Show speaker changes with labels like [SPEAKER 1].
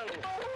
[SPEAKER 1] Oh.